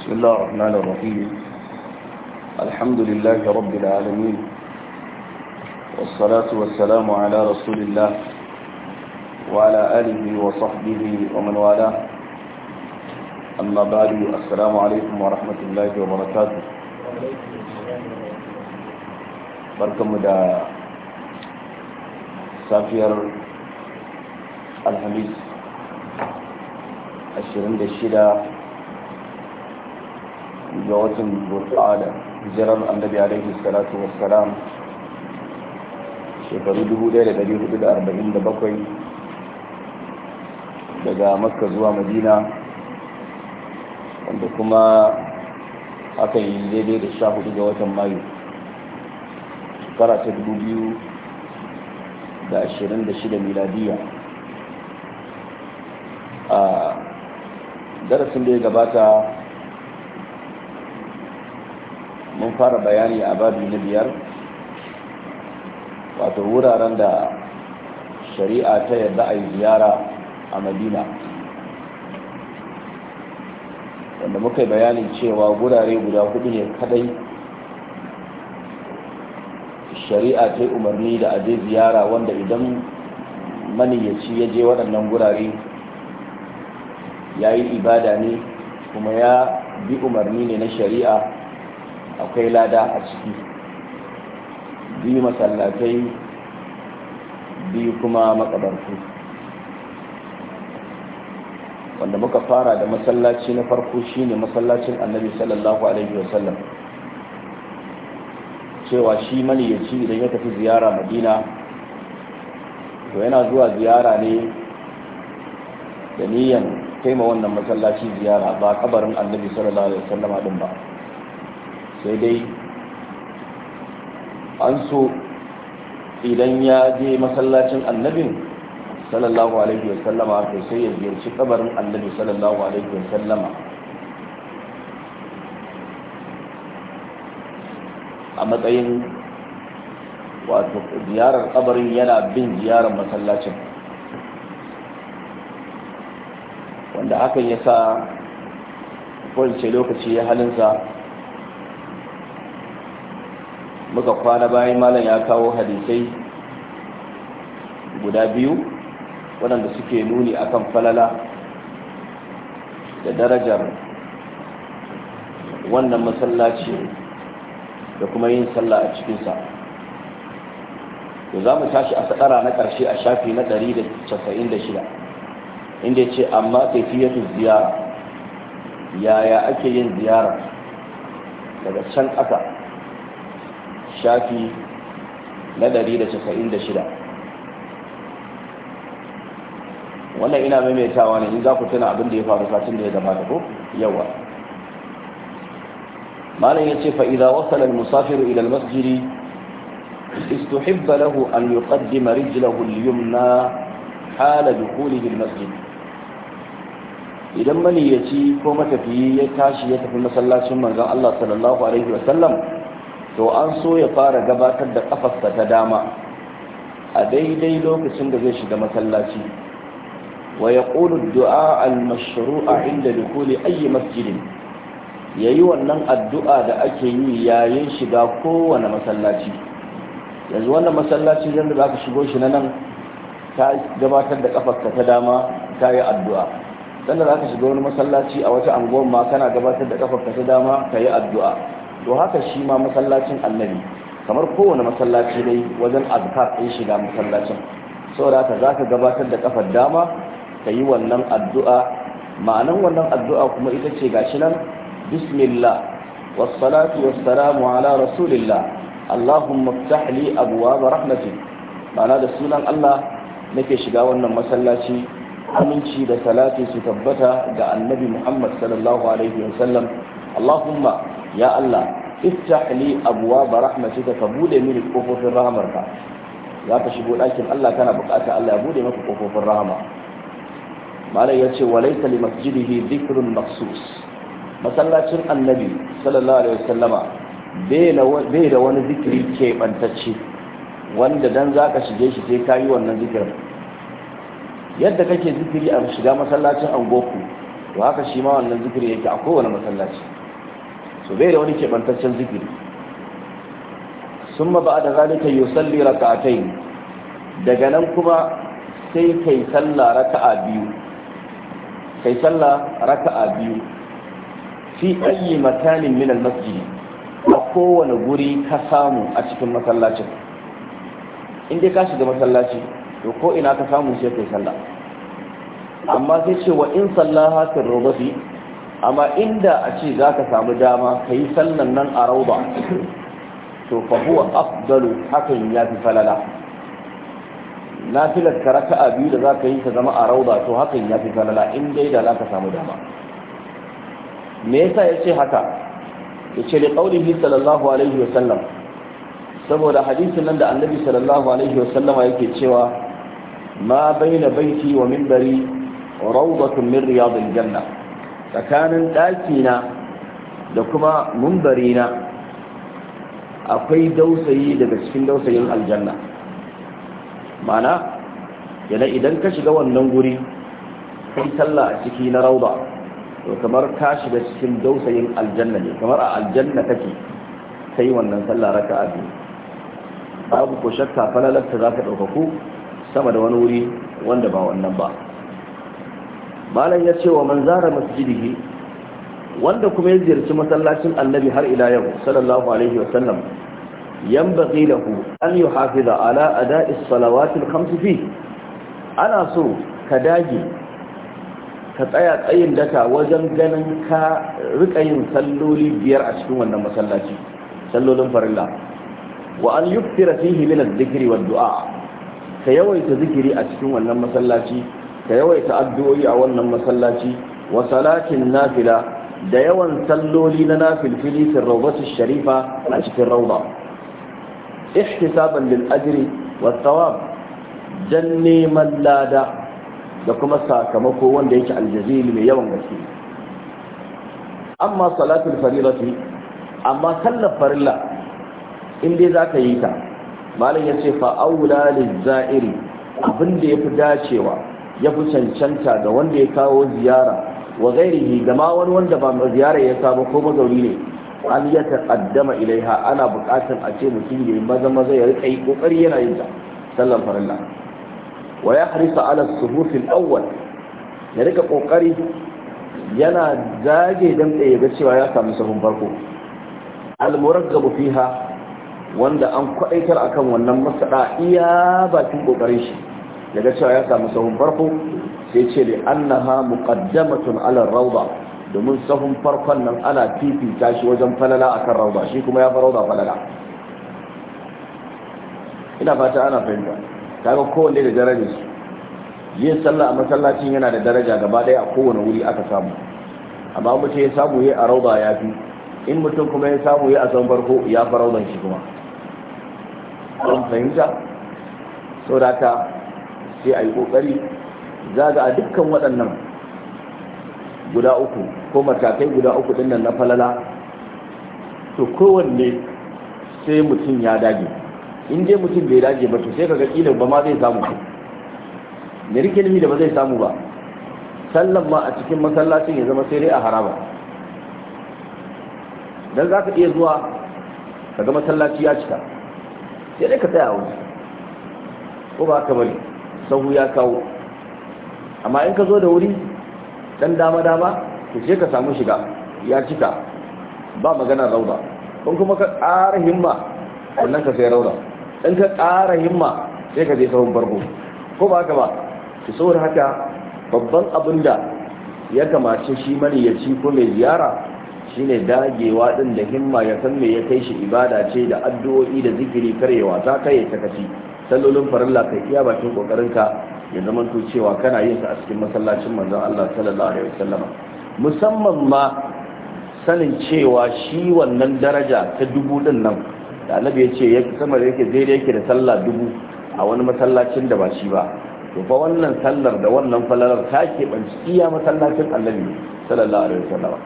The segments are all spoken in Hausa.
بسم الله الرحمن الرحيم الحمد لله رب العالمين والصلاة والسلام على رسول الله وعلى آله وصحبه ومن والاه أما بعد السلام عليكم ورحمة الله وبركاته بركم دا سافير الحميد الشرند الشدة ga watan zulqa'ada hijiran annabi alaihi salatu wassalam shekaru 1447 daga makka zuwa madina wanda kuma aka yi daidai da sha hudu ga watan mayu shekara ta dubu biyu da ashirin da shida miladiya a darasin da ya gabata fara bayani a babi na biyar wato wuraren da shari'a ta yadda a yi ziyara a madina wanda muka yi bayanin cewa gurare guda hudu ne kadai shari'a ta yi umarni da aje ziyara wanda idan maniyyaci ya je waɗannan gurare ya yi ibada ne kuma ya bi umarni ne na shari'a akwai lada a ciki biyu masallatai biyu kuma makabartu wanda muka fara da masallaci na farko shine masallacin annabi sallallahu alaihi wasallam cewa shi maniyaci idan ya tafi ziyara madina to yana zuwa ziyara ne da niyan kaima wannan masallaci ziyara ba kabarin annabi sallallahu alaihi wasallama din ba sai dai an so idan ya je masallacin annabin sallallahu alaihi wa sallama ko sai ya ziyarci kabarin annabi sallallahu alaihi wa sallama a matsayin wato ziyarar kabarin yana bin ziyarar masallacin wanda hakan ya sa kwanci lokaci ya halinsa muka kwana bayan malam ya kawo hadisai guda biyu waɗanda suke nuni akan falala da darajar wannan masallaci da kuma yin sallah a cikinsa da za mu tashi a sadara na ƙarshe a shafi na 196 inda ce amma kaifiyatu ziyara yaya ake yin ziyara daga can ƙasa shafi na 196 wannan ina maimaitawa ne in za ku tuna abin da ya faru satin da ya da ko yawa malam ya ce fa'iza wasala musafiru ilal masjiri استحب له أن يقدم رجله na hala دخوله المسجد idan maniyaci ko matafiyi ya tashi ya tafi masallacin manzon Allah sallallahu alaihi wasallam to an so ya fara gabatar da kafarsa ta dama a daidai lokacin da zai shiga masallaci wa ya ƙulu du'a al-mashru'a inda dukuli ayi masjidin ya yi wannan addu'a da ake yi yayin shiga kowane masallaci yanzu wannan masallaci zan da za ka shigo shi na nan ta gabatar da kafarsa ta dama ta yi addu'a sannan za ka shiga wani masallaci a wata anguwan ma kana gabatar da kafarka ta dama ka yi addu'a to haka shi ma masallacin annabi kamar kowane masallaci dai wajen azkar ɗin shiga masallacin saboda haka za ka gabatar da kafar dama ka yi wannan addu'a ma'anan wannan addu'a kuma ita ce gashi nan bismillah wassalatu wassalamu ala rasulillah allahumma iftah li abwaab rahmatik ma'ana da sunan Allah nake shiga wannan masallaci aminci da salati su tabbata ga annabi Muhammad sallallahu alaihi wasallam allahumma ya Allah iftah li abwaab rahmatika ka bude mini kofofin rahamarka za ka shigo ɗakin Allah kana bukata Allah ya bude maka kofofin rahama malai ya ce walaita li masjidihi dhikrun maksus masallacin annabi sallallahu alaihi wasallama bai da wani zikiri keɓantacce wanda dan za ka shige shi sai ka yi wannan zikirin yadda kake zikiri a shiga masallacin angoku to haka shi ma wannan zikiri yake a kowane masallaci su bai da wani keɓantaccen zikiri sun ba da zalika yusalli raka'atai daga nan kuma sai kai sallah raka'a biyu kai sallah raka'a biyu fi ayi makanin min almasjidi a kowane guri ka samu a cikin masallacin in dai ka shiga masallaci to ko ina ka samu sai kai sallah amma sai ce wa in sallaha fi amma inda a ce za ka samu dama ka yi sallan nan a rauba to fahuwa afdalu hakan ya fi falala na fi karaka ta biyu da za ka yi ka zama a rauba to hakan ya fi falala in dai da za ka samu dama me yasa ya ce haka ya ce liƙaunihi sallallahu alaihi wa sallam. saboda hadisin nan da annabi sallallahu alaihi wa sallam yake cewa ma baina baiti wa minbari rawdatun min riyadil janna tsakanin ɗakina da kuma mumbarina akwai dausayi daga cikin dausayin aljanna mana yana idan ka shiga wannan guri kai sallah a ciki na rauda to kamar ka shiga cikin dausayin aljanna ne kamar a aljanna kake kai wannan sallah raka a biyu babu ko shakka falalarta za ka ɗaukaku sama da wani wuri wanda ba wannan ba malam ya ce wa man zara masjidihi wanda kuma ya ziyarci masallacin annabi har ila yau sallallahu alaihi wa sallam yanbaghi lahu an yuhafiza ala ada'i salawatil khams fi ana so ka dage ka tsaya tsayin daka wajen ganin ka rika yin salloli biyar a cikin wannan masallaci sallolin farilla wa an yuktira fihi min adh-dhikri wad-du'a ka yawaita zikiri a cikin wannan masallaci ka yawaita addu'o'i a wannan masallaci wa salatin nafila da yawan salloli na nafilfili fil rawdati sharifa a cikin rawda ihtisaban lil ajri wat thawab dan neman lada da kuma sakamako wanda yake aljazili mai yawan gaske amma salatul faridati amma sallar farilla in dai zaka yi ta malam yace fa aula lil za'iri abinda yafi dacewa ya fi cancanta ga wanda ya kawo ziyara wa gairihi da ma wani wanda ba ziyara ya samu ko mazauni ne an ya taqaddama ilaiha ana buƙatar a ce mutum ya maza maza ya rika yi ƙoƙari yana yin ta sallan farilla wa ya harisa ala suhufin al-awwal ya rika ƙoƙari yana zage dan da ga cewa ya samu sahun farko al ga fiha wanda an kwaɗaitar akan wannan masada iya bakin ƙoƙarin shi daga cewa ya samu sahun farko sai ce da annaha muqaddamatun ala rawda domin sahun farkon nan ana fifita shi wajen falala akan rawda shi kuma ya fi rawda falala ina fata ana fahimta Ta ga kowanne da daraja. su yin sallah a masallacin yana da daraja gaba daya a kowane wuri aka samu amma mutum ya samu yi a rawda ya fi in mutum kuma ya samu yi a san farko ya fi rawdan shi kuma an fahimta saboda sai a yi ƙoƙari zaga a dukkan waɗannan guda uku ko matakai guda uku ɗin na falala to kowanne sai mutum ya dage in dai mutum bai dage ba to sai kaga kila ba ma zai samu ba. ne rike da ba zai samu ba sallan ma a cikin masallacin ya zama sai dai a haraba dan za ka iya zuwa kaga masallaci ya cika sai dai ka tsaya a wuce ko ba ka bari sahu ya kawo amma in ka zo da wuri dan dama dama to sai ka samu shiga ya cika ba magana rauda kun kuma ka ƙara himma wannan ka sai rauda in ka ƙara himma sai ka je sahun farko ko ba haka ba to saboda haka babban abin da ya kamace shi mani ya ci ko mai ziyara shine dagewa ɗin da himma ya san mai ya kai shi ibada ce da addu'o'i da zikiri karyewa ta kai ta kaci sallolin farilla kai iya bakin kokarinka ya zama to cewa kana yin sa a cikin masallacin manzon Allah sallallahu alaihi wasallam musamman ma sanin cewa shi wannan daraja ta dubu din nan da annabi ya ce ya sama da yake daidai yake da sallah dubu a wani masallacin da ba shi ba to fa wannan sallar da wannan falalar ta keɓanci iya masallacin annabi sallallahu alaihi wasallam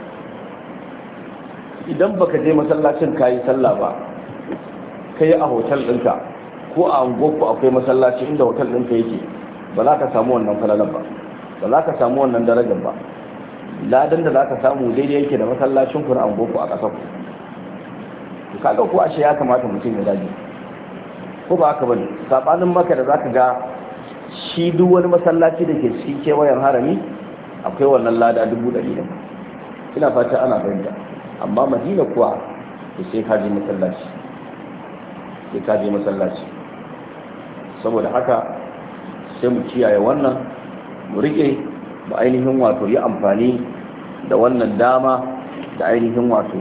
idan baka je masallacin kai sallah ba kai a hotel ɗinka ko a unguwarku akwai masallaci inda hotel ka yake ba za ka samu wannan falalar ba ba za ka samu wannan darajar ba ladan da za ka samu daidai yake da masallacin ku na unguwarku a ƙasar ku kaga ko ashe ya kamata mutum ya dage ko ba haka bane sabanin maka da za ka ga shi duk wani masallaci da ke cikin kewayen harami akwai wannan lada dubu ɗari da ina fata ana fahimta amma madina kuwa sai ka masallaci sai ka je masallaci saboda haka sai mu kiyaye wannan mu rike mu ainihin wato yi amfani da wannan dama da ainihin wato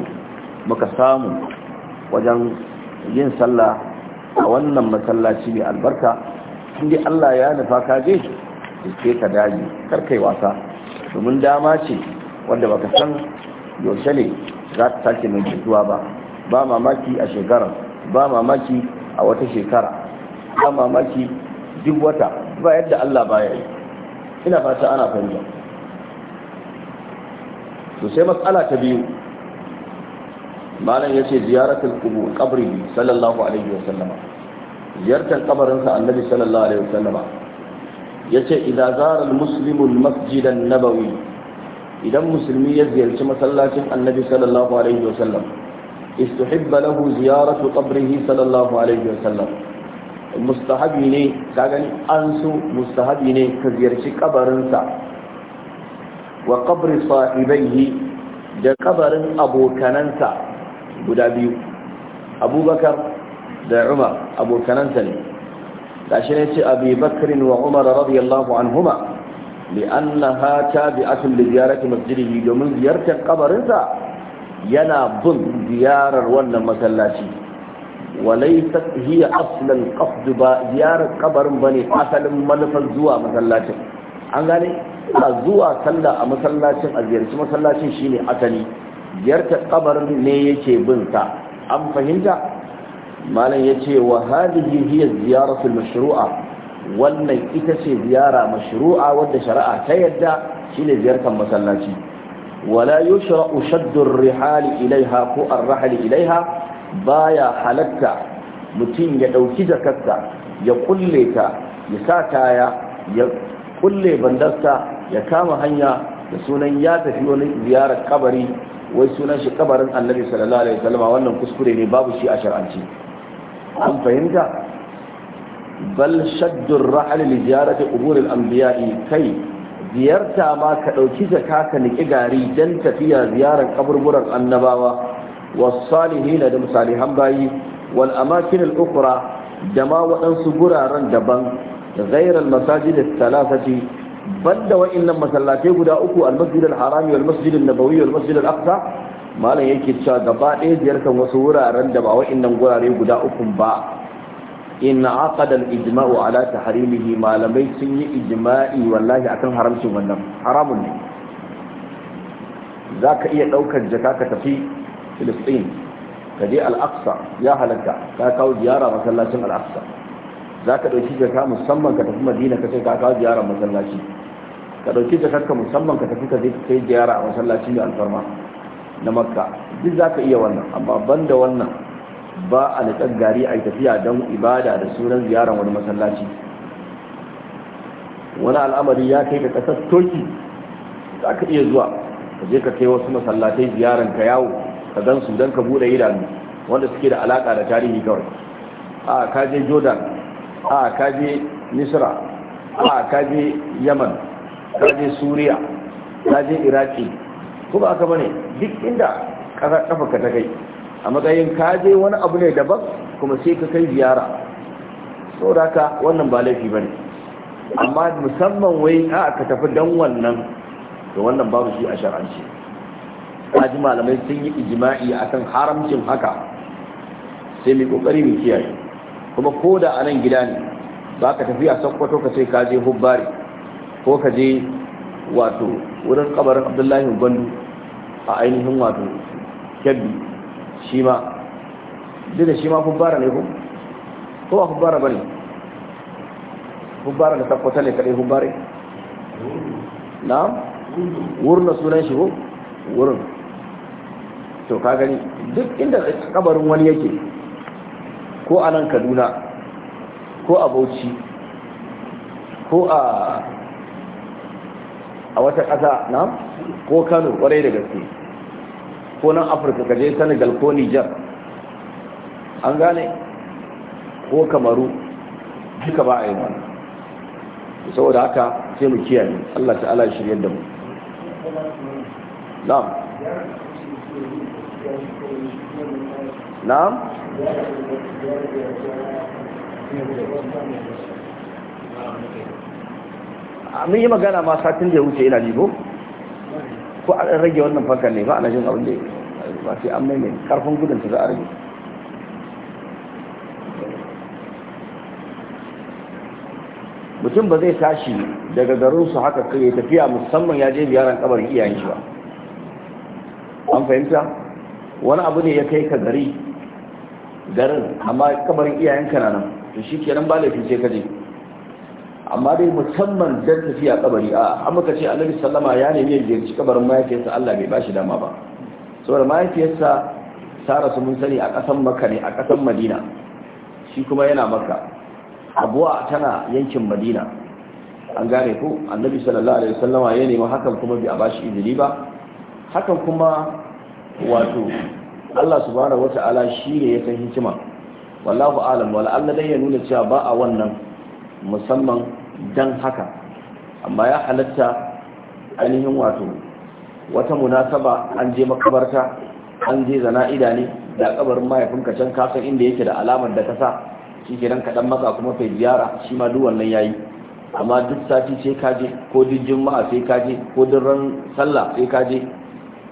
muka samu wajen yin sallah a wannan masallaci mai albarka inda Allah ya nufa ka je ke ka daji karkai wasa domin dama ce wanda baka san yaushe ne za ta sake mai jituwa ba ba mamaki a shekarar, ba mamaki a wata shekara ba mamaki duk wata ba yadda Allah baya yi ina fata ana fahimta to sai matsala ta biyu malam yace ziyaratul qubur qabri sallallahu alaihi wa sallama, ziyartar kabarin sa annabi sallallahu alaihi wa wasallam yace idza zara almuslimu almasjid an-nabawi idan musulmi ya ziyarci masallacin annabi sallallahu alaihi wa wasallam istuhibba lahu ziyaratu qabrihi sallallahu alaihi wa sallam. mustahabi ne ka an su mustahabi ne ka ziyarci kabarinsa wa kabri sahibaihi da kabarin abokanansa guda biyu abubakar da umar abokanansa ne gashi ne ce abu bakarin wa umar radiyallahu anhuma li'annaha tabi'atun li ziyarati masjidihi domin ziyartar kabarinsa yana bin ziyarar wannan masallaci walaisat hiya aslan qasd ba ziyarar kabarin bane asalin manufar zuwa masallacin an gane a zuwa sallah a masallacin a ziyarci masallacin shine asali ziyartar kabarin ne yake bin sa an fahimta malam yace wa hadhihi hiya ziyaratu mashru'a wannan ita ce ziyara mashru'a wadda shari'a ta yadda shine ziyartar masallaci wala yushra'u shaddu ar-rihali ilaiha ko ar-rahli ilaiha baya halatta mutum ya ɗauki jakarta ya kulle ta ya sa kaya ya kulle bandarsa ya kama hanya da sunan ya tafi wani ziyarar kabari wai sunan shi kabarin annabi sallallahu alaihi wasallam wannan kuskure ne babu shi a shar'anci an fahimta bal shaddur rahl li ziyarati qubur al anbiya'i kai ziyarta ma ka dauki zakka ka niki gari dan tafiya ziyarar kaburburan annabawa والصالحين da misalihan bayi wal amakin al-ukhra da ma waɗansu guraren daban غير المساجد الثلاثة بل وإنما مسلاتي guda uku al-masjid al-haram wal masjid an-nabawi wal masjid al-aqsa yake cewa gaba ɗaya ziyartar wasu wuraren da ba wa'annan gurare guda uku ba Ina aqada al-ijma'u ala tahrimihi malamai sun yi ijma'i wallahi akan haramcin wannan haramun ne zaka iya daukar jaka ka tafi filistin ka je al'aqsa ya halatta ka kawo ziyara masallacin al'aqsa za ka ɗauki jaka musamman ka tafi madina ka ce ka kawo ziyara masallaci ka ɗauki jakarka musamman ka tafi ka je kai ziyara a masallaci mai alfarma na makka duk za ka iya wannan amma ban da wannan ba a niƙar gari a tafiya don ibada da sunan ziyarar wani masallaci wani al'amari ya kai ka ƙasar toki za ka iya zuwa ka je ka kai wasu masallatai ziyarar ka yawo ka gan su don ka bude idanu wanda suke da alaka da tarihi kawai a kaje jordan a kaje misra a kaje yaman kaje suriya kaje iraki ko ba aka bane duk inda kafa ka ta kai a matsayin kaje wani abu ne daban kuma sai ka kai ziyara so da ka wannan ba laifi ba ne amma musamman wai a ka tafi dan wannan da wannan babu shi a shar'anci Aji malamai sun yi ijma'i akan haramcin haka sai mai kokari mai kiyaye kuma ko da a nan gida ne ba ka tafi a sakkwato ka ce ka je hubbari ko ka je wato wurin kabarin abdullahi gwandu a ainihin wato kyabbi shi ma duk da shi ma hubbara ne ko ko ba hubbara ba ne hubbara da sakkwata ne kaɗai hubbari na wurin da sunan shi ko wurin to ka gani duk inda kabarin wani yake ko a nan kaduna ko a bauchi ko a a wata ƙasa na ko kano kwarai da gaske ko nan afirka kaje senegal ko nijar an gane ko kamaru duka ba a yi wani saboda haka sai mu kiyaye Allah ta'ala shirya da mu na'am نعم mun yi magana ma satin da ya wuce ina libo ko a rage wannan fankan ne ba a najin abin da ba sai an mai mai karfin gudun ta za a rage mutum ba zai tashi daga garinsu haka kai tafiya musamman ya je biyaran kabarin iyayen shi ba an fahimta wani abu ne ya kai ka gari garin amma kamar iyayenka na nan to shi ke nan ba laifin sai ka je amma dai musamman don tafiya kabari a amurka ce annabi sallama ya nemi ya ziyarci kabarin mahaifiyarsa allah bai bashi dama ba saboda mahaifiyarsa ta rasu mun sani a ƙasan makka ne a ƙasan madina shi kuma yana makka abuwa tana yankin madina an gane ko annabi sallallahu alaihi wasallama ya nemi hakan kuma bai a bashi izini ba hakan kuma wato Allah subhanahu wata'ala shi ne ya san hikima wallahu alam wala Allah dai ya nuna cewa ba a wannan musamman dan haka amma ya halatta ainihin wato wata munasaba an je makabarta an je zana'ida ne da kabarin mahaifinka can kasan inda yake da alamar da kasa sa shi kenan ka dan maka kuma kai ziyara shi ma duk wannan yayi amma duk sati sai ka je ko duk juma'a sai ka je ko duk ran sallah sai ka je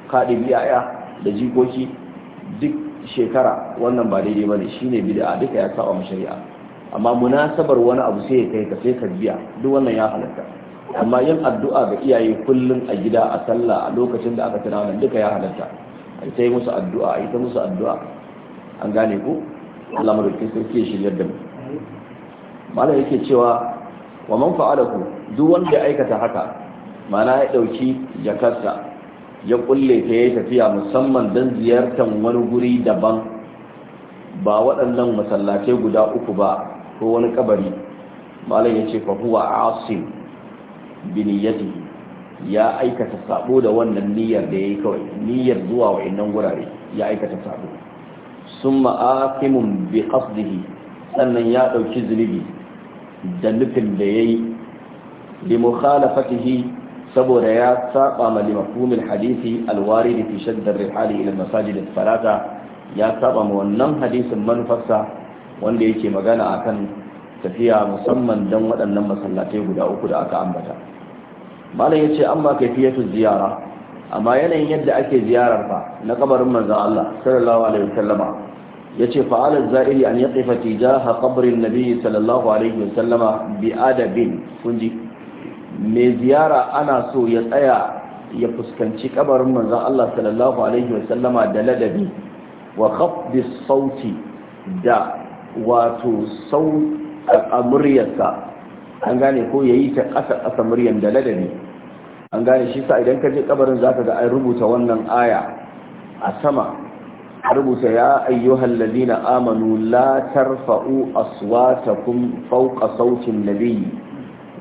ka dibi 'ya'ya da jikoki duk shekara wannan ba daidai ba shi shine bid'a duka ya saba mu shari'a amma munasabar wani abu sai ya kai ka sai ka biya duk wannan ya halatta amma yin addu'a ga iyaye kullum a gida a sallah a lokacin da aka tana wannan duka ya halatta ta yi musu addu'a a ta musu addu'a an gane ku Allah madaukakin sarki ya shiryar da mu malam yake cewa wa man fa'alaku duk wanda ya aikata haka ma'ana ya ɗauki jakarta. ya kulle ta ya tafiya musamman don ziyartar wani guri daban ba waɗannan masallatai guda uku ba ko wani kabari malam ya ce fahuwa asim biniyati ya aikata sabo da wannan niyyar da ya yi kawai niyyar zuwa wa'annan gurare ya aikata sabo sun ma'akimun bi qasdihi sannan ya ɗauki zunubi da nufin da ya yi li saboda ya saba ma limafhumil hadisi alwarid fi shaddar rihali ila masajid farata, ya saba ma wannan hadisin manufarsa wanda yake magana akan tafiya musamman dan waɗannan masallatai guda uku da aka ambata malam ce, amma kayfiyatu ziyara amma yanayin yadda ake ziyarar fa na kabarin manzon Allah sallallahu alaihi wasallama yace fa ala za'ili an yaqifa tijaha qabrin nabiy sallallahu alaihi wasallama bi adabin kunji mai ziyara ana so ya tsaya ya fuskanci kabarin manzan Allah sallallahu alaihi wasallama da ladabi wa khafdi sauti da wato sau a muryarsa an gane ko yayi ta ƙasa ƙasa muryar da ladabi an gane shi sa idan ka je kabarin zaka ga an rubuta wannan aya a sama a rubuta ya ayyuhal na amanu la aswata kun fawqa sautin nabiyyi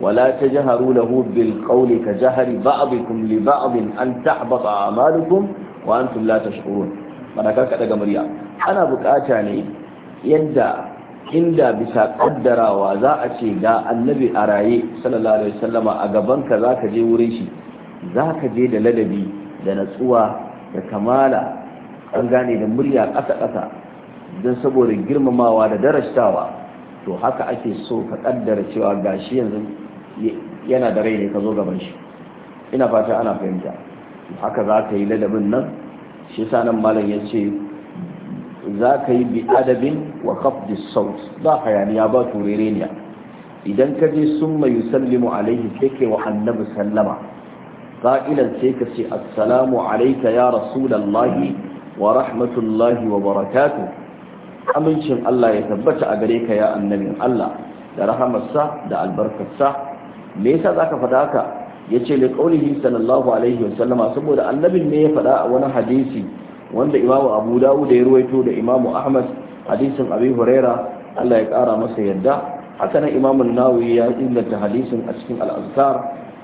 ولا تجهروا له بالقول كجهر بعضكم لبعض أن تحبط أعمالكم وأنتم لا تشعرون فنكاك daga murya ana bukata ne yadda inda bisa kaddarawa za a ce ga annabi a raye sallallahu alaihi wasallama a gabanka za ka je wurin shi za ka je da ladabi da natsuwa da kamala an gane da murya ƙasa-ƙasa don saboda girmamawa da darashtawa to haka ake so ka kaddara cewa gashi yanzu yana da rai ne ka zo gaban shi ina fata ana fahimta haka za ka yi ladabin nan shi sa nan malam ya ce za ka yi bi adabin wa kafdi saut ba hayaniya ba turereniya idan ka je sun mai yusallimu alaihi sai ke wa annabi sallama قائلا سيكا سي السلام عليك يا رسول الله ورحمة الله وبركاته أمنشن الله يثبت أغريك ya النبي Allah. da rahamarsa da albarkarsa me yasa zaka fada haka yace li qaulihi sallallahu alaihi wasallama saboda annabin ne ya faɗa a wani hadisi wanda imamu abu dawud ya ruwaito da imamu ahmad hadisin abi huraira Allah ya kara masa yadda haka nan imamu nawawi ya inganta hadisin a cikin al-azkar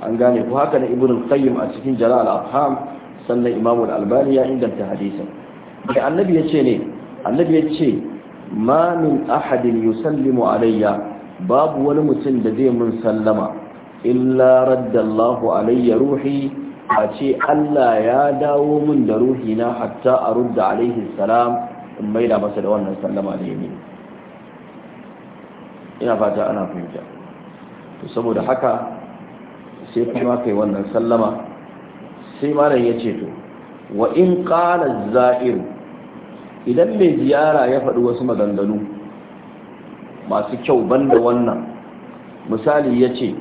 an gane ko haka nan ibnu qayyim a cikin jalal al-afham sannan imamu al-albani ya inganta hadisin bai annabi yace ne annabi yace ma min ahadin yusallimu alayya babu wani mutum da zai mun sallama illa raddallahu alayya ruhi a ce Allah ya dawo min da ruhi na hatta a rudda alaihi salam in maida masa da wannan sallama da yamin ina fata ana fahimta to saboda haka sai kuma kai wannan sallama sai malam ya ce to wa in qala zairu idan mai ziyara ya faɗi wasu maganganu masu kyau banda wannan misali ya ce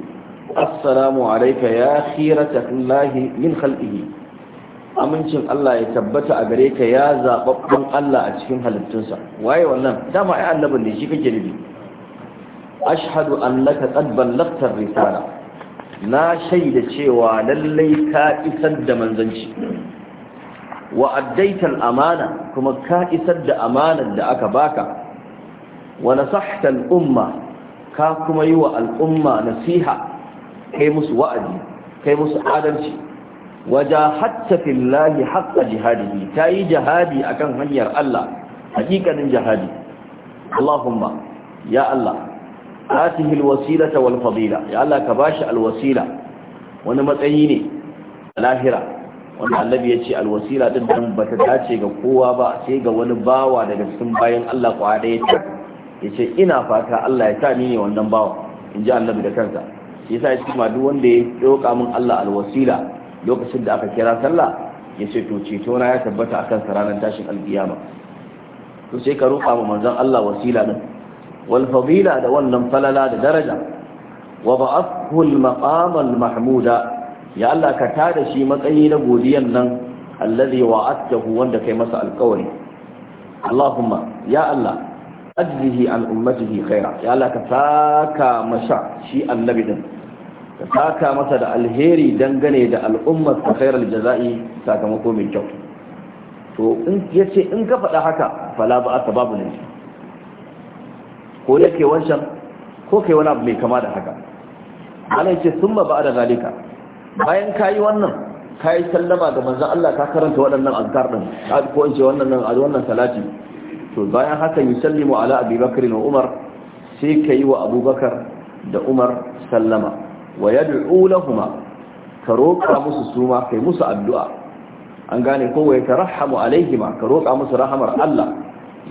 assalamu alaika ya khiratallahi min khalqihi amincin Allah ya tabbata a gare ka ya zababban Allah a cikin halittunsa waye wannan dama ai annabin ne shi kake nufi ashhadu annaka qad ballaghta risala na shaida cewa lallai ka isar da manzanci wa addaital amana kuma ka isar da amanar da aka baka wa nasahtal umma ka kuma yi wa al'umma nasiha kai musu wa'azi kai musu adalci wajahatta fillahi haqqa jihadihi tayi jihadi akan hanyar Allah hakikanin jihadi Allahumma ya Allah atihi alwasilata wal ya Allah ka bashi alwasila wani matsayi ne lahira wanda annabi ya ce alwasila din dan bata dace ga kowa ba sai ga wani bawa daga cikin bayan Allah kwada ya ce ina fata Allah ya sa ni ne wannan bawa in ji annabi da kansa shi yasa shi ma duk wanda ya doka min Allah alwasila lokacin da aka kira sallah ya ce to ceto na ya tabbata akan sa ranar tashin alkiyama to sai ka roƙa ma manzon Allah wasila din wal fadila da wannan falala da daraja wa ba'athu al maqam al mahmuda ya Allah ka tada shi matsayi na godiyan nan alladhi wa'adtahu wanda kai masa alƙawari Allahumma ya Allah ajlihi an ummatihi khaira ya Allah ka saka masa shi annabi din ka saka masa da alheri dangane da al'ummar ta khairal jaza'i sakamako mai kyau to in ya ce in ka faɗa haka fala ba ta babu ne ko ya ke wancan ko kai wani abu mai kama da haka Ana ce sun yace summa da zalika bayan ka yi wannan ka yi sallama ga manzon Allah ka karanta waɗannan azkar ka ko in ce wannan wannan salati to bayan haka yusallimu ala abi bakr wa umar sai kai wa abubakar da umar sallama wa yad'u lahumu ka roƙa musu suma kai musu addu'a an gane ko wai tarahhamu alaihima ka roƙa musu rahamar Allah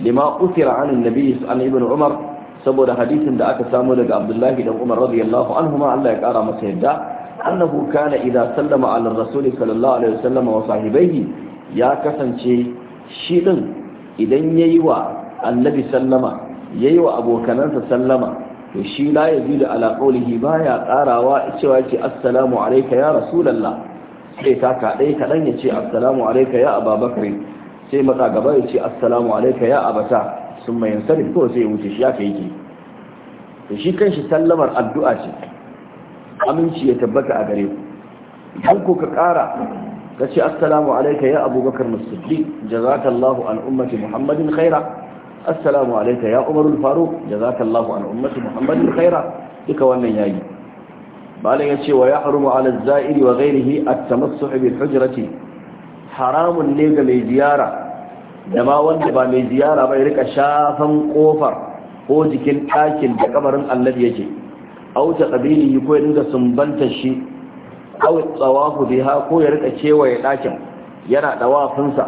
lima uthira anin nabiy sallallahu ibn umar saboda hadisin da aka samu daga abdullahi dan umar radiyallahu anhuma Allah ya kara masa yadda annahu kana idza sallama ala rasuli sallallahu alaihi wasallam wa sahibaihi ya kasance shi din idan ya yi wa annabi sallama ya yi wa abokanansa sallama to shi la ya ji da alaƙolihi ba ya ƙarawa cewa ce assalamu alaika ya rasulallah sai ta kaɗai kaɗan ya ce assalamu alaika ya ababakar sai matsa gaba ya ce assalamu alaika ya abata sun mai yansarin kawai sai ya wuce shi ya aka yake da shi kan shi sallamar addu'a ce aminci ya tabbata a gare ku don ku ka ƙara ka ce assalamu alaika ya abubakar musulli jazakallahu an ummati muhammadin khaira assalamu alaika ya umarul faruq jazakallahu an ummati muhammadin khaira duka wannan yayi malam ya ce wa ya harumu ala za'iri wa ghairihi at-tamassuh bil hujrati haramun ne ga mai ziyara da ma wanda ba mai ziyara bai rika shafan kofar ko jikin ɗakin da kabarin annabi yake auta qabilihi ko ya dinga sumbantar shi aw tsawafu biha ko ya rika kewaye ɗakin yana dawafinsa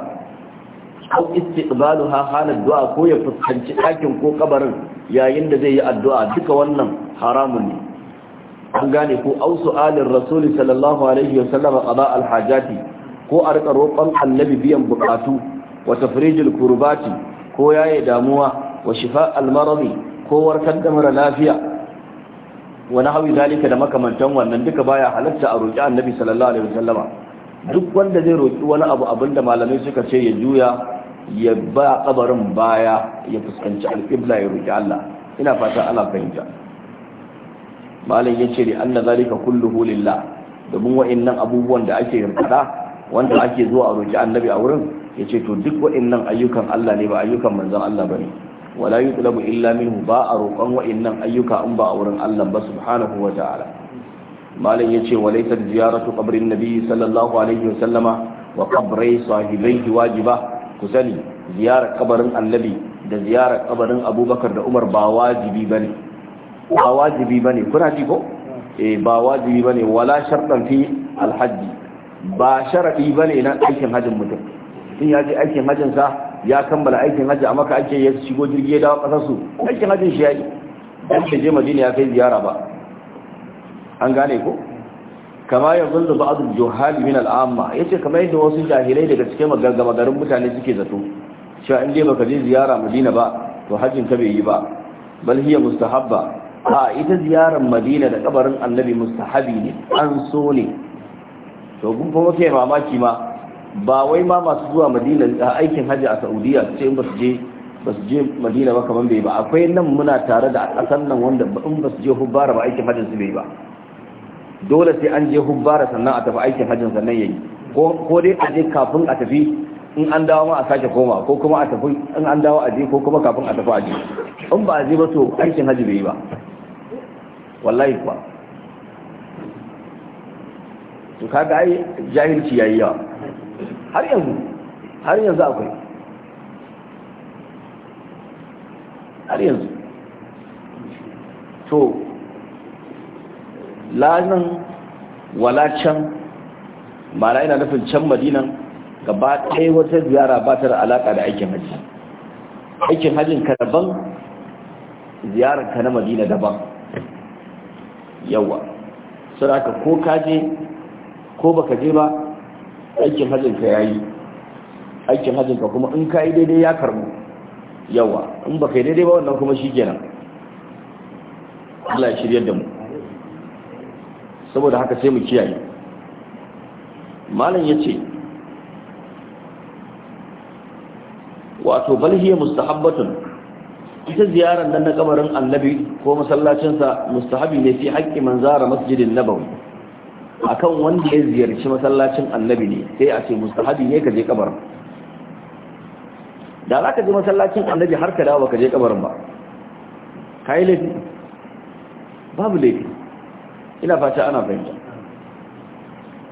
aw istiqbaluha halad du'a ko ya fuskanci ɗakin ko kabarin yayin da zai yi addu'a duka wannan haramun ne an gane ko aw su'alir rasul sallallahu alaihi wa qada ko a rika roƙon annabi biyan buƙatu, wa tafrijil kurbati ko yaye damuwa wa shifa al ko warkar da mara lafiya wani hawi zalika da makamantan wannan duka baya halatta a roƙi annabi sallallahu alaihi wasallama duk wanda zai roƙi wani abu abinda malamai suka ce ya juya ya ba kabarin baya ya fuskanci alƙibla ya roƙi Allah ina fata Allah fahimta malam ya ce da anna zalika kulluhu lillah domin wa'annan abubuwan da ake yarkada wanda ake zuwa a roƙi annabi a wurin ya ce to duk wa'annan ayyukan Allah ne ba ayyukan manzon Allah bane wala yutlabu illa minhu ba a roƙon wa'innan ayyuka an ba a wurin Allah ba subhanahu wa ta'ala malam ya ce yace walaysa ziyaratu qabrin nabi sallallahu alaihi wa sallama wa qabri sahibaihi wajiba ku sani ziyarar kabarin annabi da ziyarar kabarin abubakar da umar ba wajibi ba ne. ba wajibi ba ne, kuna ji ko eh ba wajibi ba ne wala shartan fi alhaji ba ba ne na aikin hajjin mutum Sun ya je aikin hajjin sa ya kammala aikin hajji a maka ake ya shigo jirgi ya dawo kasar su aikin hajjin shi ya yi. dan da je madina ya kai ziyara ba an gane ko kama ya zunzu ba'd al-juhal min Al'amma. Ya ce kamar yadda wasu jahilai daga cikin magargama garin mutane suke zato cewa in dai baka je ziyara madina ba to hajjin ka bai yi ba bal hiya mustahabba a ita ziyarar madina da kabarin annabi mustahabi ne an so ne to kun fa muke mamaki ma ba wai ma masu zuwa madina a aikin hajji a saudiya ce in ba su je ba je madina ba kaman bai ba akwai nan muna tare da kasan nan wanda in ba su je hubbara ba aikin hajjin su bai ba dole sai an je hubbara sannan a tafi aikin hajjin sannan yayi ko dai a je kafin a tafi in an dawo ma a sake koma ko kuma a tafi in an dawo a je ko kuma kafin a tafi a je in ba a je ba to aikin hajji bai ba wallahi kuwa to kaga ai jahilci yayi yawa har yanzu har yanzu akwai har yanzu to lanan wala can ma'ana ina nufin can madinan gaba ɗaya wata ziyara ba ta da alaƙa da aikin hajji aikin hajjin ka daban ziyarar ka na madina daban yawa suna ka ko kaje ko baka je ba aikin hajjin ka yayi aikin hajjin ka kuma in ka yi daidai ya karbu yawa in ba kai daidai ba wannan kuma shi kenan Allah ya shirya da mu saboda haka sai mu kiyaye malam ya ce wato balhiyar mustahabbatun ita ziyarar nan na kabarin annabi ko masallacinsa mustahabi ne fi haƙƙi manzara masjidin nabawi akan wanda ya ziyarci masallacin annabi ne sai a ce mustahabi ne ka je kabarin da za ka je masallacin annabi har ka dawo ka je kabarin ba ka yi laifi babu laifi ina fata ana fahimta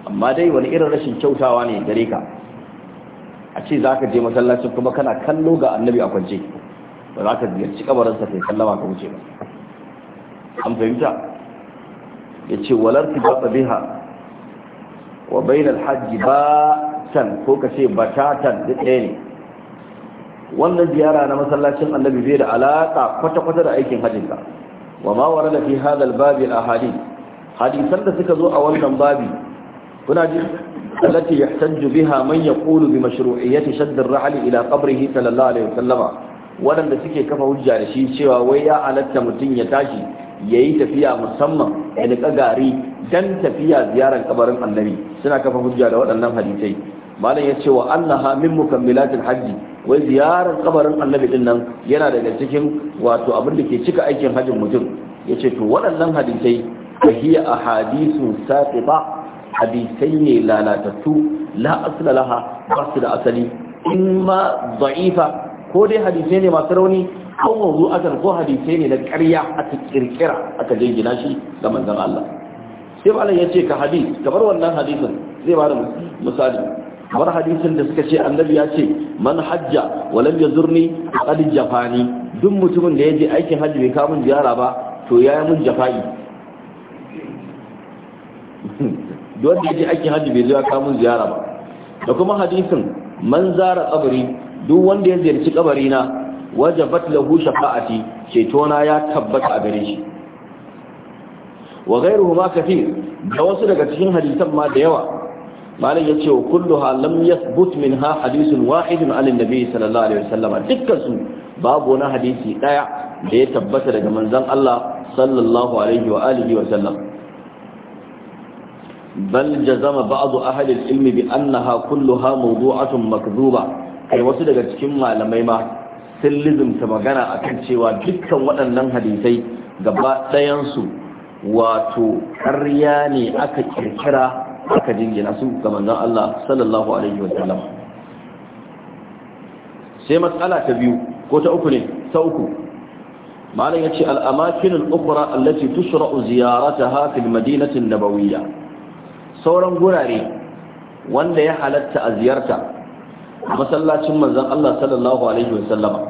amma dai wani irin rashin kyautawa ne gare ka a ce za ka je masallacin kuma kana kallo ga annabi a kwance ba za ka ziyarci kabarinsa kai sallama ka wuce ba an fahimta ya ce walar ta biha wa bainal hajji batan ko ka ce batatan duk ne wannan ziyara na masallacin annabi bai da alaƙa kwata-kwata da aikin hajjin ka wara da fi hadal babi a hadi hadisan da suka zo a wannan babi kuna ji allati yahtajju biha man yaqulu bi mashru'iyyati shadd ar ila qabrihi sallallahu alaihi wadanda suke kafa hujja da shi cewa wai ya alatta mutun ya tashi ya yi tafiya musamman ya niƙa gari dan tafiya ziyarar kabarin annabi suna kafa hujja da waɗannan hadisai malam ya ce wa annaha min mukammilatil hajji wai ziyarar kabarin annabi din nan yana daga cikin wato abin da ke cika aikin hajjin mutum ya ce to waɗannan hadisai wa hiya ahadisun ba hadisai ne lalatattu la asla laha ba su da asali in ma za'ifa ko dai hadisai ne masu rauni an wanzu akan ko hadisai ne na ƙarya aka kirkira aka jingina shi ga manzan Allah sai ba ya ce ka hadis kamar wannan hadisin zai bada misali kamar hadisin da suka ce annabi ya ce man hajja wa lam yazurni qad jafani duk mutumin da ya je aikin hajji bai kawo min ziyara ba to ya yi mun jafa'i duk wanda ya je aikin hajji bai zo ya kawo min ziyara ba da kuma hadisin man zara kabari duk wanda ya ziyarci kabari na wajabat lahu shafa'ati cetona ya tabbata a gare shi wa ghayruhu ma kathir da wasu daga cikin hadisan ma da yawa malam yace wa kulluha lam yathbut minha hadithun wahidun an annabi sallallahu alaihi wasallam dukkan su babu wani hadisi daya da ya tabbata daga manzon Allah sallallahu alaihi wa alihi wa sallam bal jazama ba'd ahli al-ilm bi annaha kulluha mawdu'atun makdhuba kai wasu daga cikin malamai ma sun lizimta magana akan cewa dukkan waɗannan hadisai gaba ɗayansu wato ƙarya ne aka kirkira aka jingina su ga manzon Allah sallallahu alaihi wa sai matsala ta biyu ko ta uku ne ta uku malam ya ce amakin al-ukhra allati ziyarata ziyarataha fil madinati an-nabawiyya sauran gurare wanda ya halatta a ziyarta masallacin manzan Allah sallallahu alaihi wasallama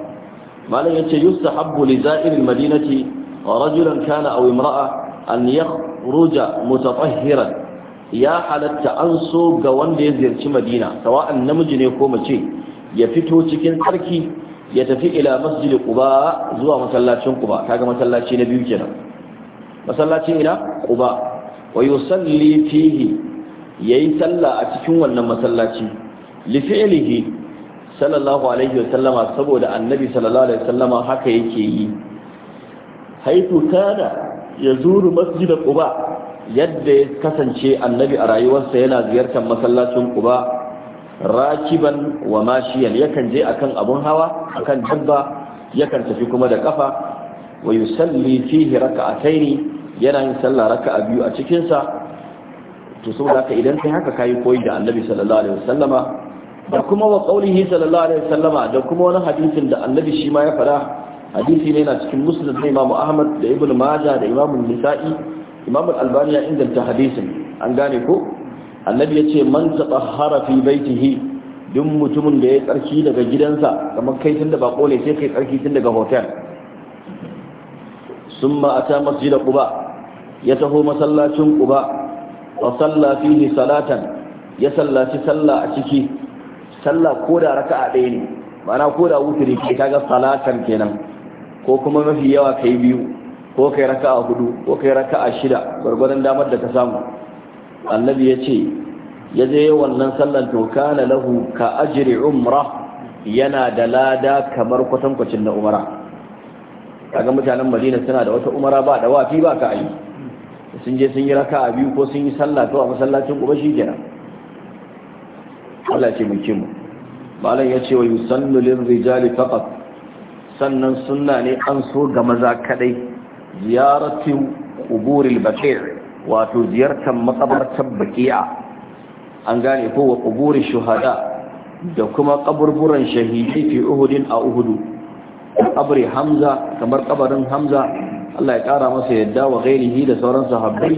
malam yace yustahabbu li za'iril madinati rajulan kana aw imra'a an Ruja, mutatahhiran ya halatta an so ga wanda ya ziyarci madina sawa'an namiji ne ko mace ya fito cikin tsarki ya tafi ila masjid quba zuwa masallacin quba kaga masallaci na biyu kenan masallacin ina quba wa yusalli fihi yayi sallah a cikin wannan masallaci lifi'lihi sallallahu alaihi wasallama saboda annabi sallallahu alaihi wasallama haka yake yi haitu ya yazuru masjid quba yadda ya kasance annabi a rayuwarsa yana ziyartar masallacin quba rakiban wa mashiyan yakan je akan abun hawa akan dabba yakan tafi kuma da kafa wa yusalli fihi raka'ataini yana yin sallah raka'a biyu a cikin sa to saboda idan kai haka kai koyi da annabi sallallahu alaihi wasallama da kuma wa qaulihi sallallahu alaihi wasallama da kuma wani hadisin da annabi shi ma ya fara hadisi ne na cikin muslim da imamu ahmad da ibn majah da imamu nisa'i imamu albani ya inganta hadisin an gane ko annabi yace man tatahhara fi baitihi duk mutumin da ya tsarki daga gidansa kamar kai tun da bako ne sai kai tsarki tun daga hotel summa ata masjida quba ya taho masallacin quba wa salla fihi salatan ya sallaci sallah a ciki sallah ko da raka'a ɗaya ne ma'ana ko da wuturi ke kaga salatan kenan ko kuma mafi yawa ka yi biyu ko kai raka'a hudu ko kai raka'a shida gwargwadon damar da ka samu annabi ya ce ya yi wannan sallan to kana lahu ka ajiri umra yana da lada kamar kwatankwacin na umara kaga mutanen madina suna da wata umara ba da wafi ba ka ayi sun je sun yi raka'a biyu ko sun yi sallah to a masallacin kuma shi kenan Allah ce muke mu malam ya ce wa yusannu lil rijali faqat sannan sunna ne an so ga maza kadai ziyaratin quburil baqi' wato ziyartar makabartar baqi'a an gane ko wa quburi shuhada da kuma kaburburan shahidi fi uhudin a uhudu kabri hamza kamar ƙabarin hamza Allah ya kara masa yadda wa ghairihi da sauran sahabbai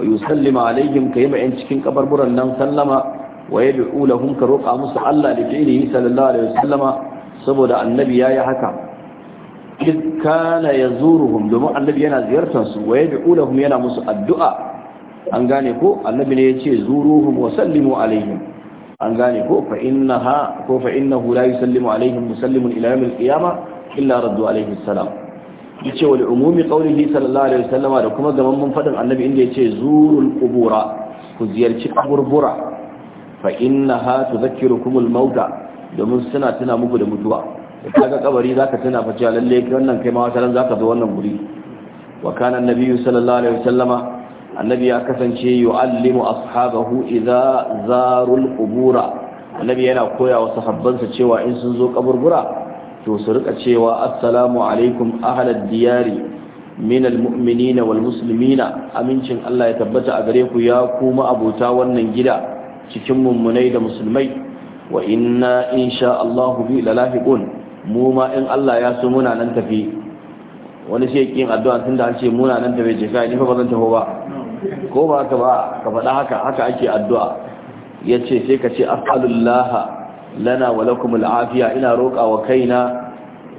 wa yusallima alaihim kayma in cikin kaburburan nan sallama Waye yad'u lahum ka roƙa musu Allah da fi'lihi sallallahu alaihi wasallama saboda annabi yayi haka id kana yazuruhum domin annabi yana ziyartar su wa yad'u lahum yana musu addu'a an gane ko annabi ne yace zuruhum wa sallimu alaihim an gane ko fa innaha ko fa innahu la yusallimu alaihim musallimun ila yawm al-qiyamah illa raddu alaihi salam yace wal umumi qawlihi sallallahu alaihi wasallama da kuma gaman mun fadin annabi inda yace zurul qubura ku ziyarci kaburbura fa innaha tudhakkirukum al-mauta domin suna tuna muku da mutuwa kaga kabari zaka tuna fa a lalle wannan kai ma wata ran zaka zo wannan guri wa kana annabi sallallahu alaihi wasallama annabi ya kasance yu'allimu ashabahu idza zarul qubura annabi yana koya wa sahabbansa cewa in sun zo kaburbura to su rika cewa assalamu alaikum ahlad diyari min almu'minina wal muslimina amincin Allah ya tabbata a gare ku ya kuma abota wannan gida cikin mummunai da musulmai wa inna insha Allah bi lalahiqun mu ma in Allah ya so muna nan tafi wani sai kin addu'a tun da an ce muna nan tafi je kai ni fa bazan tafi ba ko ba ka ba ka faɗa haka haka ake addu'a yace sai ka ce as'alullah lana wa lakum al'afiya ina roƙa wa kaina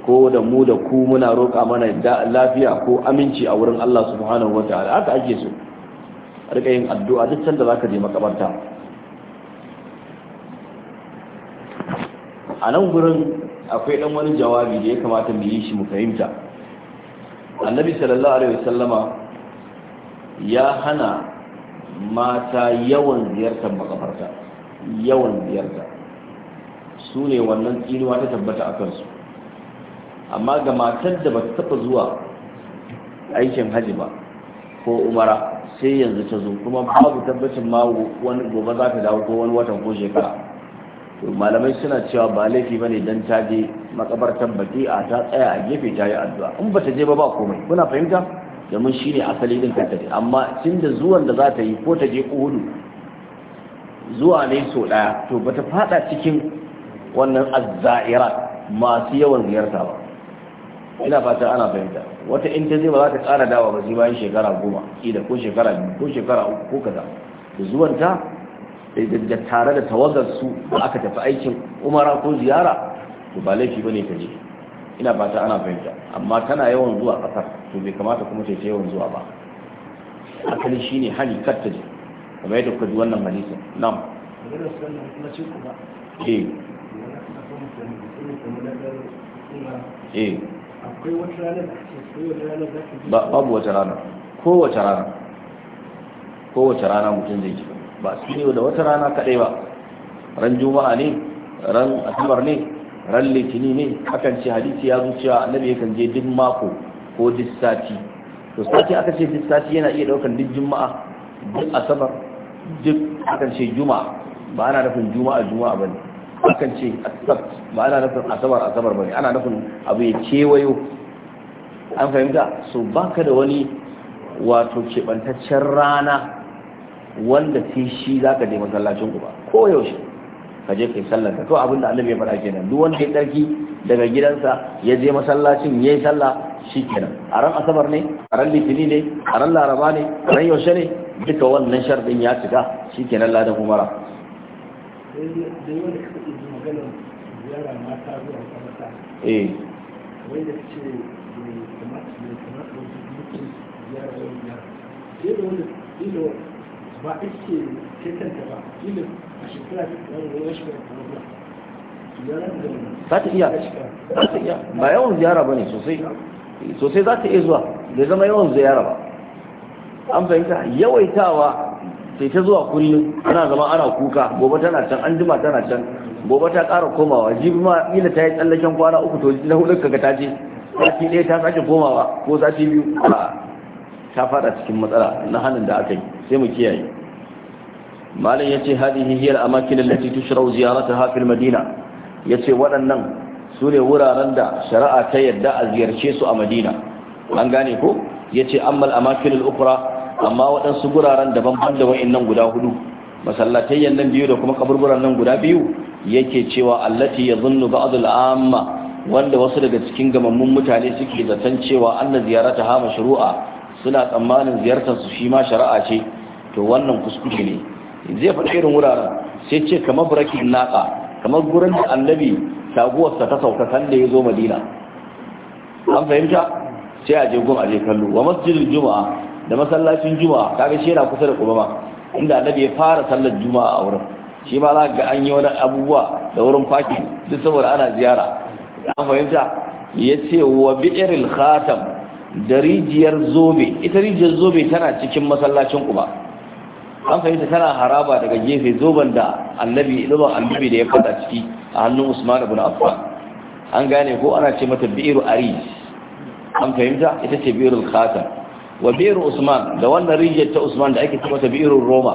ko da mu da ku muna roƙa mana da lafiya ko aminci a wurin Allah subhanahu wataala haka ake so rika yin addu'a duk sanda zaka je makabarta a nan gurin akwai ɗan wani jawabi da ya kamata mu yi shi mu fahimta annabi sallallahu alaihi wasallama ya hana mata yawan ziyartar makabarta yawan ziyarta su ne wannan tsinuwa ta tabbata a kansu amma ga matar da ba ta taba zuwa aikin haji ba ko umara sai yanzu ta zo kuma babu tabbacin ma wani gobe za ta dawo ko wani watan ko shekara malamai suna cewa ba laifi ba ne don ta je makabartar a ta tsaya a gefe ta yi addu'a in ba ta je ba ba komai kuna fahimta domin shi ne asali din kanta ne amma tun da zuwan da za ta yi ko ta je uhudu zuwa ne so ɗaya to ba ta fada cikin wannan azza'ira masu yawan ziyarta ba ina fata ana fahimta wata in ta je ba za ta ƙara dawa ba sai bayan shekara goma kila ko shekara biyu ko shekara uku ko kaza zuwanta da tare da tawagar su aka tafi aikin umara ko ziyara to ba laifi bane ka je ina ba ta ana fahimta amma tana yawan zuwa kasar to bai kamata kuma ta yawan zuwa ba asali shine hali katta ji je kamar yadda kuka ji wannan hadisin na'am eh eh babu wata rana kowace rana kowace rana mutum zai ji ba su ne da wata rana kaɗai ba ran juma'a ne ran asabar ne ran litini ne akan ce hadisi ya zuciya annabi yakan je duk mako ko duk sati to sati aka ce duk sati yana iya daukan duk juma'a duk asabar duk akan ce juma'a ba ana nufin juma'a juma'a bane akan ce asabar ba ana nufin asabar asabar bane ana nufin abu ya kewayo an fahimta so baka da wani wato keɓantaccen rana wanda sai shi za ka je masallacin ku ba ko yaushe ka je kai sallar ka to abin da Allah ya fara kenan duk wanda ya tarki daga gidansa ya je masallacin ya yi sallah shi kenan a ran asabar ne a ran litini ne a ran laraba ne a ran yaushe ne duka wannan sharɗin ya cika shi kenan ladan umara eh wanda ba iske kekanta ba ilin a shekara ta ɗaura shekara ta za ta iya za ta iya ba yawan ziyara ba ne sosai sosai za ta iya zuwa da zama yawan ziyara ba an fahimta yawaitawa sai ta zuwa kullum ana zama ana kuka gobe tana can an jima tana can gobe ta ƙara komawa jibi ma ila ta yi tsallaken kwana uku to na hudu kaga ta je sati ɗaya ta sake komawa ko sati biyu ta fada cikin matsala na hannun da aka yi sai mu kiyaye malam yace hadihi hiya al-amakin allati tushra'u ziyarataha fil madina yace waɗannan su ne wuraren da shari'a ta yadda a ziyarce su a madina an gane ko yace ammal amakin al-ukhra amma waɗansu guraren daban ban da guda hudu masallatai, nan biyu da kuma kaburburan nan guda biyu yake cewa allati yadhunnu ba'd amma wanda wasu daga cikin gamammun mutane suke zaton cewa anna ziyarata ha mashru'a suna tsammanin ziyartar su shi ma shari'a ce to wannan kuskure ne zai faɗi irin wuraren sai ce kamar burakin naka kamar gurin da annabi taguwarsa ta sauka kan da ya zo madina an fahimta sai a je gun a kallo wa masjidin juma'a da masallacin juma'a kaga shi yana kusa da kubama inda annabi ya fara sallar juma'a a wurin shi ma za ga an yi wani abubuwa da wurin faki duk saboda ana ziyara an fahimta ya ce wa bi'iril khatam da rijiyar zobe ita rijiyar zobe tana cikin masallacin kuma an fahimta tana haraba daga gefe zoban da annabi annabi da ya fada ciki a hannun usman ibn affan an gane ko ana ce mata bi'ru ari an fahimta ita ce bi'rul khatam wa bi'ru usman da wannan rijiyar ta usman da ake ce mata bi'rul roma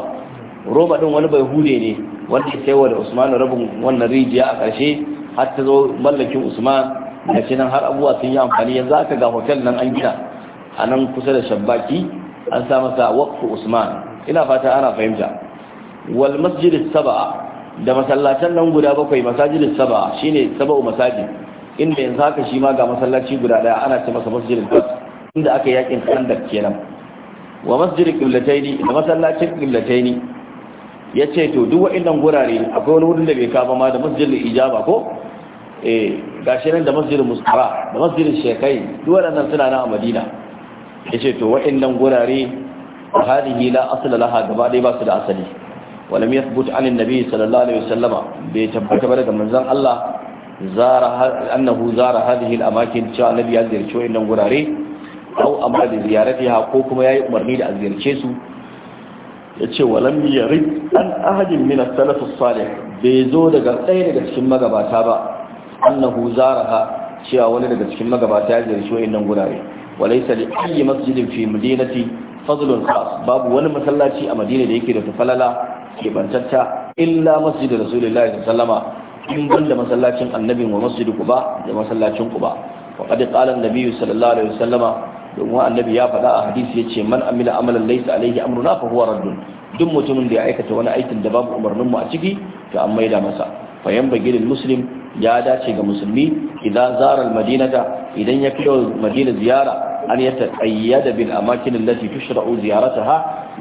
roma din wani bai hude ne wanda ya wa da usman rabin wannan rijiya a ƙarshe har ta zo mallakin usman da shi nan har abubuwa sun yi amfani yanzu aka ga hotel nan an gina a nan kusa da shabbaki an sa masa waqfu usman ina fata ana fahimta wal masjid sab'a da masallacin nan guda bakwai masajid sab'a shine sab'u masajid inda yanzu haka shi ma ga masallaci guda daya ana ce masa masjid al inda aka yakin kandar kenan wa masjid qiblataini da masallacin qiblataini yace to duk wa'annan gurare akwai wani wurin da bai kama ma da masjid ijaba ko eh gashi nan da masjid mustara da masjid shekai duk waɗannan suna nan a madina yace to wa'annan gurare hadhihi la asla laha gaba dai ba da asali walam yathbut an annabi sallallahu alaihi wasallama bai tabbata ba daga manzon Allah zara annahu zara hadhihi al-amakin cewa annabi ya ziyarci wannan gurare au amma da ziyaratiha ko kuma yayi umarni da a ziyarce su yace walam yarid an ahadin min as-salaf as bai zo daga ɗaya daga cikin magabata ba annahu zaraha cewa wani daga cikin magabata ya ziyarci wayannan gurare walaysa li ayyi masjidin fi fadlun khas babu wani masallaci a madina da yake da tufalala kebantatta illa masjidu rasulullahi sallama in banda masallacin annabin wa masjidu kuba da masallacin kuba wa qad qala an-nabiy sallallahu alaihi wasallama annabi ya faɗa a hadisi yace man amila amalan laysa alaihi amruna fa huwa raddun duk mutumin da ya aikata wani aikin da babu umarnin mu a ciki to an maida masa fayan bagilin muslim ya dace ga musulmi idan zarar madinata idan ya fito madina ziyara an ya taƙayyada bil amakin allati tushra'u ziyarataha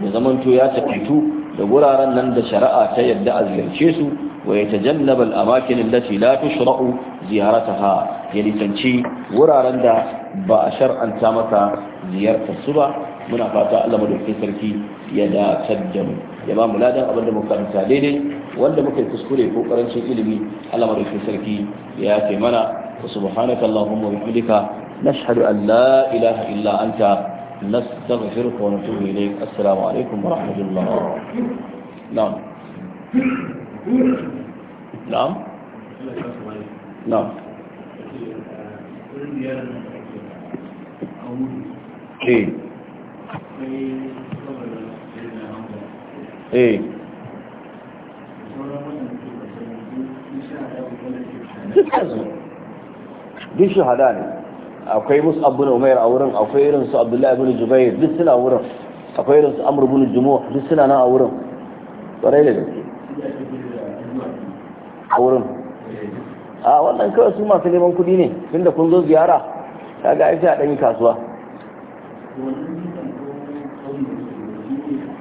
ya zamanto ya taƙaitu da guraren nan da shari'a ta yadda a ziyarce su wa ya tajannaba al amakin allati la tushra'u ziyarataha ya nisanci wuraren da ba a shar'anta masa ziyartar su ba muna fata Allah madaukakin sarki ya da mu ya ba dan ladan abin da muka amsa daidai wanda muka yi kuskure ko karancin ilimi Allah madaukakin sarki ya ke mana wa subhanaka allahumma wa bihamdika nashhadu an la ilaha illa anta nastaghfiruka wa natubu ilayk assalamu alaikum wa rahmatullah na'am na'am na'am Eh. eh duk shahada ne akwai musu abu na umar a wurin akwai irin su abdullahi bin jubai duk suna wurin akwai irin su amur bin jumo duk suna nan a wurin tsarai da gaske a wurin a wannan kawai su masu neman kudi ne tun da kun zo ziyara ta ga aiki a ɗanyi kasuwa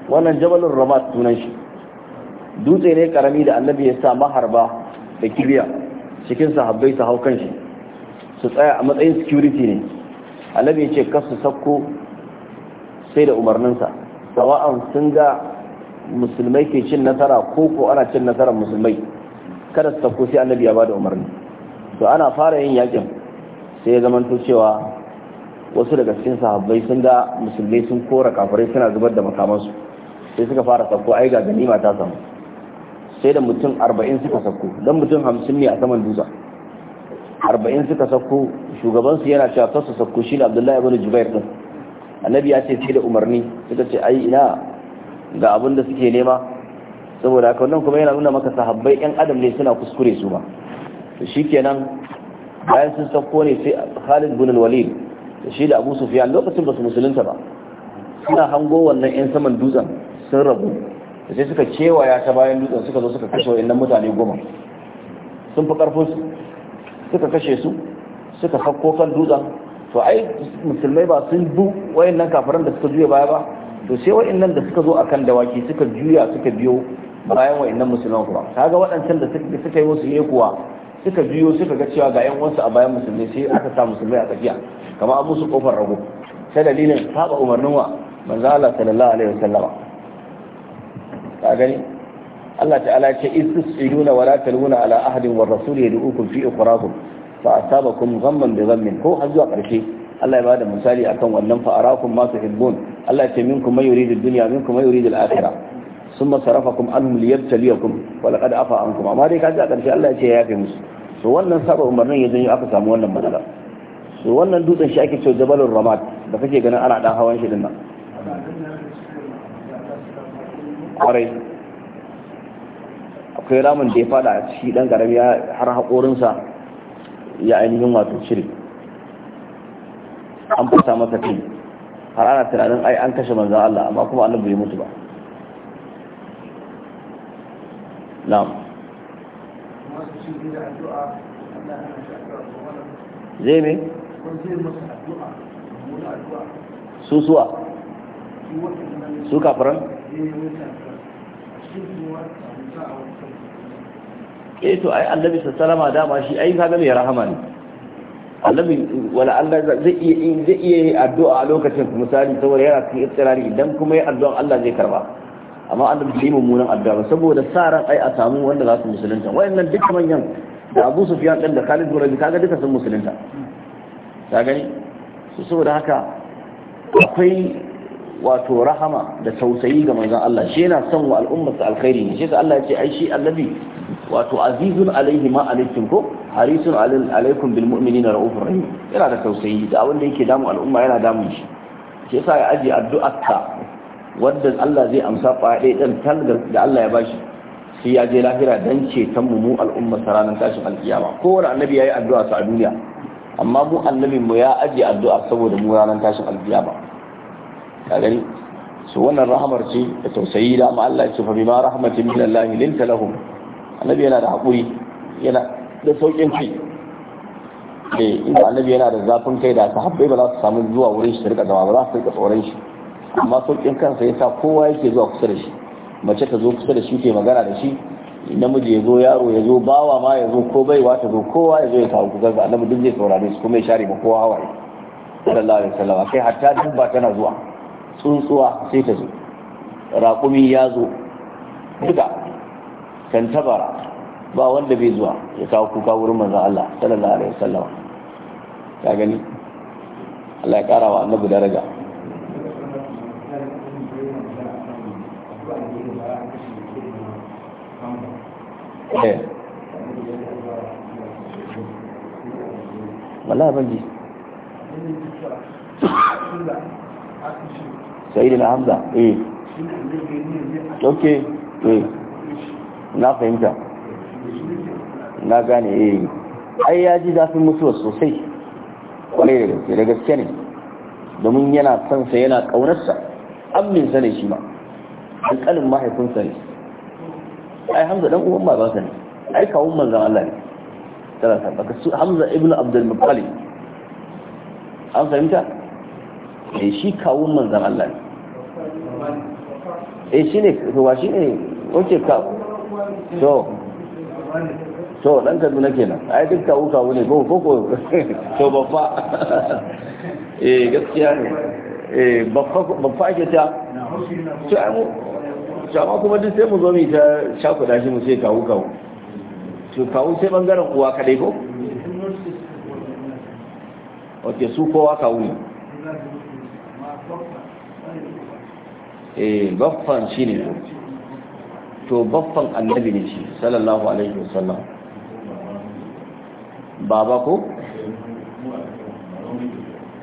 wannan jabalin ramat tunan shi dutse ne karami da annabi ya sa maharba da kibiya cikin sahabbai su hau kan shi su tsaya a matsayin security ne annabi ya ce kar su sakko sai da umarninsa sawa'an sun ga musulmai ke cin nasara ko ko ana cin nasarar musulmai kada su sakko sai annabi ya bada umarni to ana fara yin yakin sai ya zamanto cewa wasu daga cikin sahabbai sun ga musulmai sun kora kafirai suna zubar da makamansu sai suka fara sauko ai ga ganima ta samu sai da mutum arba'in suka sauko don mutum hamsin ne a saman dutsen arba'in suka sauko shugabansu yana cewa kar su sauko shi ne abdullahi ibn jubair din annabi ya ce sai da umarni suka ce ai ina ga abin da suke nema saboda haka wannan kuma yana nuna maka sahabbai yan adam ne suna kuskure su ba to shikenan bayan sun sauko ne sai Khalid bin Walid da shi da Abu Sufyan lokacin ba su musulunta ba suna hango wannan yan saman dutsen sun rabu da sai suka kewaya ta bayan dutsen suka zo suka kashe nan mutane goma sun fi ƙarfinsu suka kashe su suka fakko kan dutsen to ai musulmai ba sun bu nan kafaran da suka juya baya ba to sai nan da suka zo a kan dawaki suka juya suka biyo bayan nan musulman kuma ga waɗancan da suka yi musu ne kuwa suka biyo suka ga cewa ga 'yan wasu a bayan musulmai sai aka sa musulmai a tsakiya kamar an musu kofar rago ta dalilin saba umarnin wa manzo Allah sallallahu alaihi wasallama ka gani Allah ta'ala ce istisqiluna wa la taluna ala ahadin war rasul yad'ukum fi iqrakum fa kun ghamman bi ghammin ko har zuwa ƙarshe. Allah ya bada misali akan wannan fa arakum ma tuhibbun Allah ya ce duniya, min yuridu dunya da may yuridu al-akhirah thumma sarafakum anhum liyabtaliyakum wa laqad afa kuma. amma dai kaji a ƙarshe. Allah ya ce ya yafe musu so wannan saba umarnin ya janyo aka samu wannan matsala so wannan dutsen shi ake cewa jabalur ramat da kake ganin ana dan hawan shi din nan kwarai akwai ramin da ya fada shi dan karami har haƙorinsa ya ainihin wato shiri an fasa masa fi har ana tunanin ai an kashe manzan Allah amma kuma Allah bai mutu ba na'am zai ne? su suwa su kafiran? e to ai annabi sallama dama shi ai kaga mai rahama ne annabi wala Allah zai iya zai iya addu'a a lokacin misali saboda yana cikin tsirari idan kuma yi addu'a Allah zai karba amma annabi bai mummunan addu'a saboda sa ran ai a samu wanda za su musulunta wayannan duk manyan da Abu Sufyan din da Khalid bin Walid kaga duka sun musulunta ka gani saboda haka akwai wato rahama da tausayi ga manzon Allah shi yana son wa al'ummarsa alkhairi ne shi yasa Allah ya ce ai shi annabi wato azizun alaihi ma alaikum ko harisun alaikum bil mu'minina raufur rahim yana da tausayi da abin da yake damu al'umma yana damun shi shi yasa ya aje addu'arka wanda Allah zai amsa kwaɗe ɗan talgar da Allah ya bashi sai ya je lahira dan ceton mu mu al'umma saranan tashin alkiyama kowane annabi ya yi addu'a sa a duniya amma mu annabin mu ya aje addu'a saboda mu ranar tashin alkiyama ka gani su wannan rahamar ce da tausayi da amma Allah ce fa bima rahmatin min Allah linta lahum annabi yana da hakuri yana da saukin kai eh inda annabi yana da zafin kai da sahabbai ba za su samu zuwa wurin shi rika zama ba za su rika tsoron shi amma saukin kansa yasa kowa yake zuwa kusa da shi mace ta zo kusa da shi ke magana da shi namiji ya zo yaro ya zo bawa ma ya zo ko baiwa ta zo kowa ya zo ya samu kusa da annabi duk zai saurare su kuma ya share ma kowa hawaye sallallahu alaihi wasallam kai hatta duk ba tana zuwa tsuntsuwa sai ta zo raƙumi ya zo duka kan tabara ba wanda bai zuwa ya kawo kuka wurin manzan Allah sallallahu alaihi wasallam ka gani Allah ya ƙara wa annabi daraja eh. wallahi ban ji sai na hamza eh ok eh na fahimta na gane eh ai ya ji zafin mutuwa sosai kwarai da gaske da gaske ne domin yana sansa yana ƙaunarsa amin ne shi ma alƙalin mahaifinsa ne ai hamza dan uwan babansa ne ai kawun manzan Allah ne tara sa baka su hamza ibnu abdul muttalib an fahimta eh shi kawun manzan Allah ne E, shi ne ruwa shi ne oke kawo so so dan kaduna kenan ai duk kawo kawo ne ko ko so babba e gaskiya ne e babba ake ta to ai mu amma kuma duk sai mu zo mu ta da shi mu sai kawo kawo to kawo sai bangaren uwa kadai ko ok su kowa kawo ne eh baffan ne to to baffan annabi ne shi sallallahu alaihi wasallam baba ko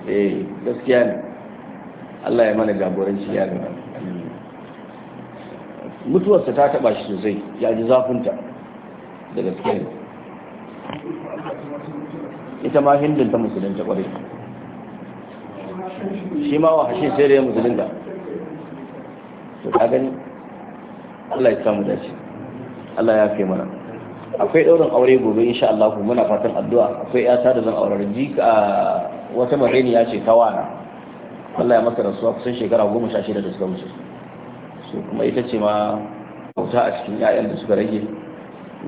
eh gaskiya ne Allah ya mana shi ya ga mutuwarsa ta taba shi sosai ya ji zafinta da gaskiya ne ita ma hindun ta musulunta kwarai shi ma wa hashe sai da ya musulunta to ka gani Allah ya samu dace Allah ya fi mana akwai ɗaurin aure gobe insha Allah ku muna fatan addu'a akwai yata da zan aurar a wata ya ce ta Allah ya masa rasuwa kusan shekara goma sha shida da suka wuce su kuma ita ce ma bauta a cikin 'ya'yan da suka rage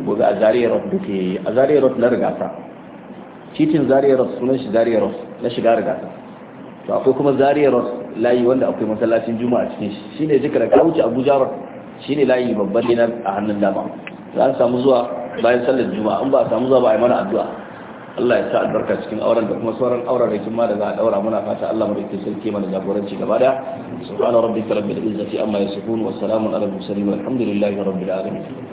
gobe a zariyar rock da ke a zariyar rock na rigata titin zariyar rock sunan shi zariyar rock na shiga rigata to akwai kuma zariyar rock layi wanda akwai masallacin juma'a cikin shi shine jikar ka wuce abuja ba shine layi babban ne a hannun dama za a samu zuwa bayan sallar juma'a in ba a samu zuwa ba a mana addu'a Allah ya sa albarka cikin auren da kuma sauran auren rikin ma da za a daura muna fata Allah mu rike sarki mana jagoranci gaba da subhana rabbika rabbil izzati amma yasifun wa salamun ala mursalin walhamdulillahi rabbil alamin